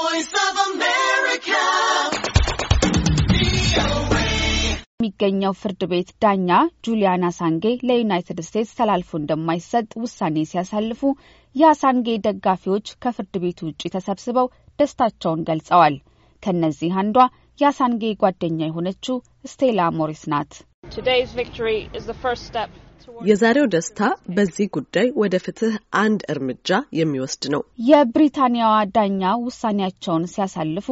voice of America. የሚገኘው ፍርድ ቤት ዳኛ ጁሊያን አሳንጌ ለዩናይትድ ስቴትስ ተላልፎ እንደማይሰጥ ውሳኔ ሲያሳልፉ የአሳንጌ ደጋፊዎች ከፍርድ ቤቱ ውጭ ተሰብስበው ደስታቸውን ገልጸዋል። ከእነዚህ አንዷ የአሳንጌ ጓደኛ የሆነችው ስቴላ ሞሪስ ናት። የዛሬው ደስታ በዚህ ጉዳይ ወደ ፍትህ አንድ እርምጃ የሚወስድ ነው። የብሪታንያዋ ዳኛ ውሳኔያቸውን ሲያሳልፉ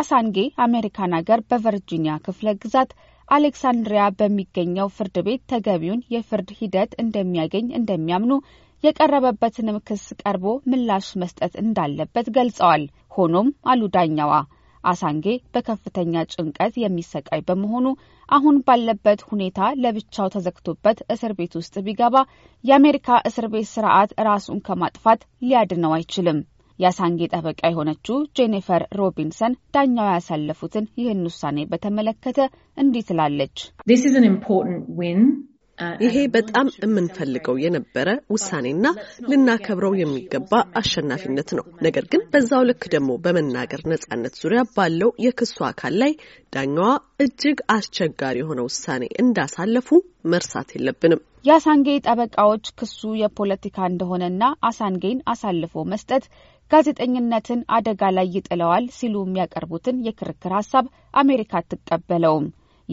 አሳንጌ አሜሪካን ሀገር በቨርጂኒያ ክፍለ ግዛት አሌክሳንድሪያ በሚገኘው ፍርድ ቤት ተገቢውን የፍርድ ሂደት እንደሚያገኝ እንደሚያምኑ የቀረበበትንም ክስ ቀርቦ ምላሽ መስጠት እንዳለበት ገልጸዋል። ሆኖም አሉ ዳኛዋ አሳንጌ በከፍተኛ ጭንቀት የሚሰቃይ በመሆኑ አሁን ባለበት ሁኔታ ለብቻው ተዘግቶበት እስር ቤት ውስጥ ቢገባ የአሜሪካ እስር ቤት ስርዓት ራሱን ከማጥፋት ሊያድነው አይችልም። የአሳንጌ ጠበቃ የሆነችው ጄኒፈር ሮቢንሰን ዳኛው ያሳለፉትን ይህን ውሳኔ በተመለከተ እንዲህ ትላለች። ይሄ በጣም የምንፈልገው የነበረ ውሳኔና ልናከብረው የሚገባ አሸናፊነት ነው። ነገር ግን በዛው ልክ ደግሞ በመናገር ነጻነት ዙሪያ ባለው የክሱ አካል ላይ ዳኛዋ እጅግ አስቸጋሪ የሆነ ውሳኔ እንዳሳለፉ መርሳት የለብንም። የአሳንጌ ጠበቃዎች ክሱ የፖለቲካ እንደሆነና አሳንጌን አሳልፎ መስጠት ጋዜጠኝነትን አደጋ ላይ ይጥለዋል ሲሉ የሚያቀርቡትን የክርክር ሀሳብ አሜሪካ አትቀበለውም።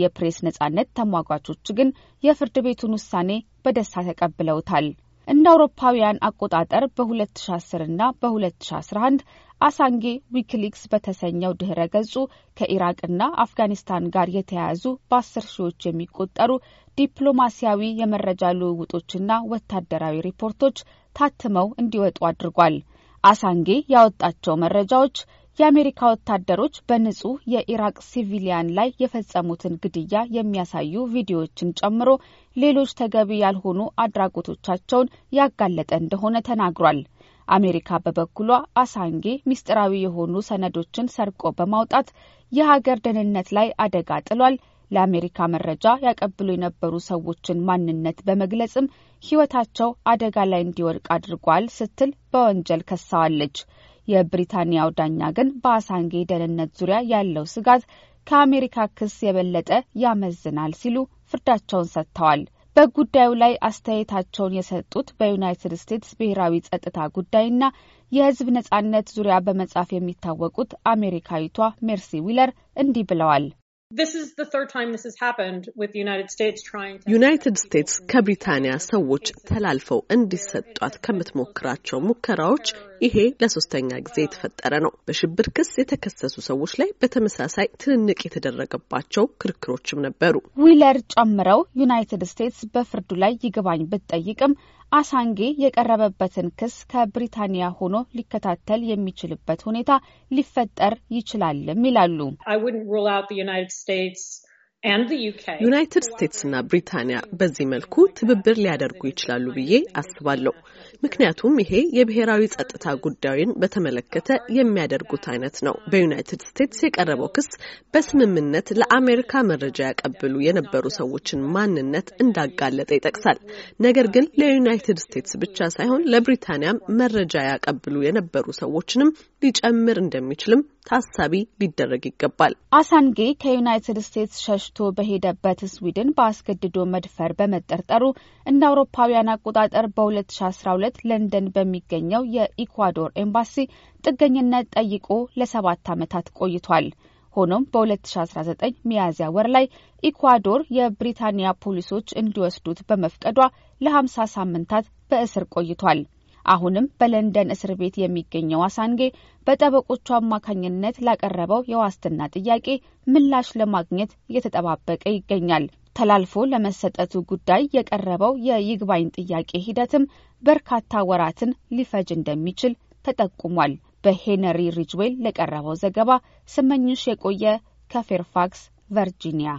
የፕሬስ ነጻነት ተሟጋቾች ግን የፍርድ ቤቱን ውሳኔ በደስታ ተቀብለውታል። እንደ አውሮፓውያን አቆጣጠር በ2010 እና በ2011 አሳንጌ ዊኪሊክስ በተሰኘው ድህረ ገጹ ከኢራቅና አፍጋኒስታን ጋር የተያያዙ በአስር ሺዎች የሚቆጠሩ ዲፕሎማሲያዊ የመረጃ ልውውጦችና ወታደራዊ ሪፖርቶች ታትመው እንዲወጡ አድርጓል። አሳንጌ ያወጣቸው መረጃዎች የአሜሪካ ወታደሮች በንጹህ የኢራቅ ሲቪሊያን ላይ የፈጸሙትን ግድያ የሚያሳዩ ቪዲዮዎችን ጨምሮ ሌሎች ተገቢ ያልሆኑ አድራጎቶቻቸውን ያጋለጠ እንደሆነ ተናግሯል። አሜሪካ በበኩሏ አሳንጌ ምስጢራዊ የሆኑ ሰነዶችን ሰርቆ በማውጣት የሀገር ደህንነት ላይ አደጋ ጥሏል ለአሜሪካ መረጃ ያቀብሉ የነበሩ ሰዎችን ማንነት በመግለጽም ሕይወታቸው አደጋ ላይ እንዲወድቅ አድርጓል ስትል በወንጀል ከሳዋለች። የብሪታንያው ዳኛ ግን በአሳንጌ ደህንነት ዙሪያ ያለው ስጋት ከአሜሪካ ክስ የበለጠ ያመዝናል ሲሉ ፍርዳቸውን ሰጥተዋል። በጉዳዩ ላይ አስተያየታቸውን የሰጡት በዩናይትድ ስቴትስ ብሔራዊ ጸጥታ ጉዳይና የሕዝብ ነጻነት ዙሪያ በመጻፍ የሚታወቁት አሜሪካዊቷ ሜርሲ ዊለር እንዲህ ብለዋል። ዩናይትድ ስቴትስ ከብሪታንያ ሰዎች ተላልፈው እንዲሰጧት ከምትሞክራቸው ሙከራዎች ይሄ ለሶስተኛ ጊዜ የተፈጠረ ነው። በሽብር ክስ የተከሰሱ ሰዎች ላይ በተመሳሳይ ትንንቅ የተደረገባቸው ክርክሮችም ነበሩ። ዊለር ጨምረው ዩናይትድ ስቴትስ በፍርዱ ላይ ይግባኝ ብትጠይቅም አሳንጌ የቀረበበትን ክስ ከብሪታንያ ሆኖ ሊከታተል የሚችልበት ሁኔታ ሊፈጠር ይችላልም ይላሉ። ዩናይትድ ስቴትስና ብሪታንያ በዚህ መልኩ ትብብር ሊያደርጉ ይችላሉ ብዬ አስባለሁ። ምክንያቱም ይሄ የብሔራዊ ጸጥታ ጉዳዩን በተመለከተ የሚያደርጉት አይነት ነው። በዩናይትድ ስቴትስ የቀረበው ክስ በስምምነት ለአሜሪካ መረጃ ያቀብሉ የነበሩ ሰዎችን ማንነት እንዳጋለጠ ይጠቅሳል። ነገር ግን ለዩናይትድ ስቴትስ ብቻ ሳይሆን ለብሪታንያም መረጃ ያቀብሉ የነበሩ ሰዎችንም ሊጨምር እንደሚችልም ታሳቢ ሊደረግ ይገባል። አሳንጌ ከዩናይትድ ስቴትስ ሸሽ ተመሽቶ በሄደበት ስዊድን በአስገድዶ መድፈር በመጠርጠሩ እንደ አውሮፓውያን አቆጣጠር በ2012 ለንደን በሚገኘው የኢኳዶር ኤምባሲ ጥገኝነት ጠይቆ ለሰባት ዓመታት ቆይቷል። ሆኖም በ2019 ሚያዝያ ወር ላይ ኢኳዶር የብሪታንያ ፖሊሶች እንዲወስዱት በመፍቀዷ ለ50 ሳምንታት በእስር ቆይቷል። አሁንም በለንደን እስር ቤት የሚገኘው አሳንጌ በጠበቆቹ አማካኝነት ላቀረበው የዋስትና ጥያቄ ምላሽ ለማግኘት እየተጠባበቀ ይገኛል። ተላልፎ ለመሰጠቱ ጉዳይ የቀረበው የይግባኝ ጥያቄ ሂደትም በርካታ ወራትን ሊፈጅ እንደሚችል ተጠቁሟል። በሄነሪ ሪጅዌል ለቀረበው ዘገባ ስመኝሽ የቆየ ከፌርፋክስ ቨርጂኒያ